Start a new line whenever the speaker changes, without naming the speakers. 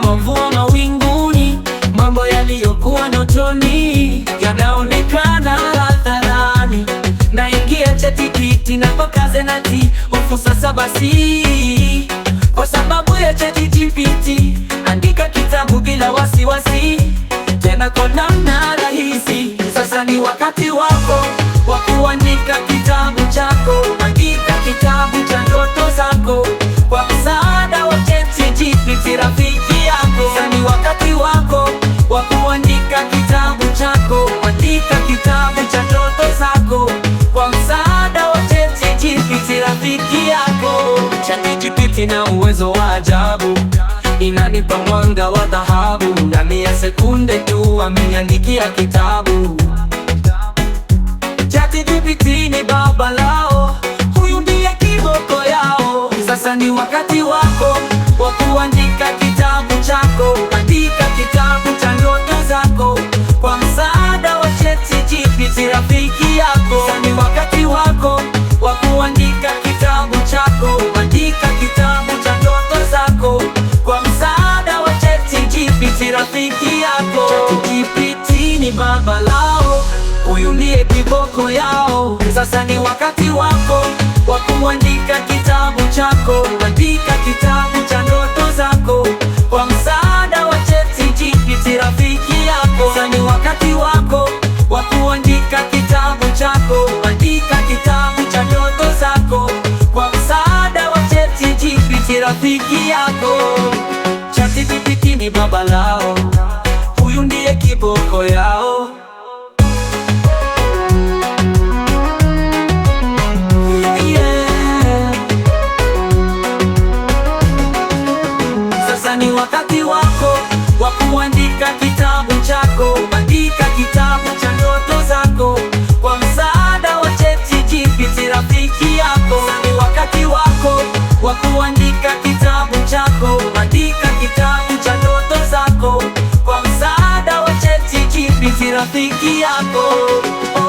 kama mvua winguni, mambo yaliyokuwa notoni yanaonekana hadharani. Naingia ChatGPT na pokaze nati ufu sasa basi, kwa sababu ya ChatGPT andika kitabu bila wasiwasi tena kwa namna rahisi. Sasa ni wakati wako wa kuandika kitabu chako. Kisha dijitali na uwezo wa ajabu, inanipa mwanga wa dhahabu. Ndani ya sekunde tu ameniandikia kitabu. ChatGPT ni baba lao, huyu ndiye kiboko yao. Sasa ni wakati wako wa kuandika kitabu chako, andika kitabu cha rafiki yako kipitini, baba lao, huyu ndiye kiboko yao. Sasa ni wakati wako wa kuandika kitabu chako, andika kitabu cha ndoto zako kwa msaada wa ChatGPT rafiki yako. Sasa ni wakati wako wa kuandika kitabu chako, andika kitabu cha ndoto zako kwa msaada wa ChatGPT rafiki yako. Kidhibiti ni baba lao, huyu ndiye kiboko yao. Sasa ni wakati wako wa kuandika kitabu chako, andika রাতে কি আপন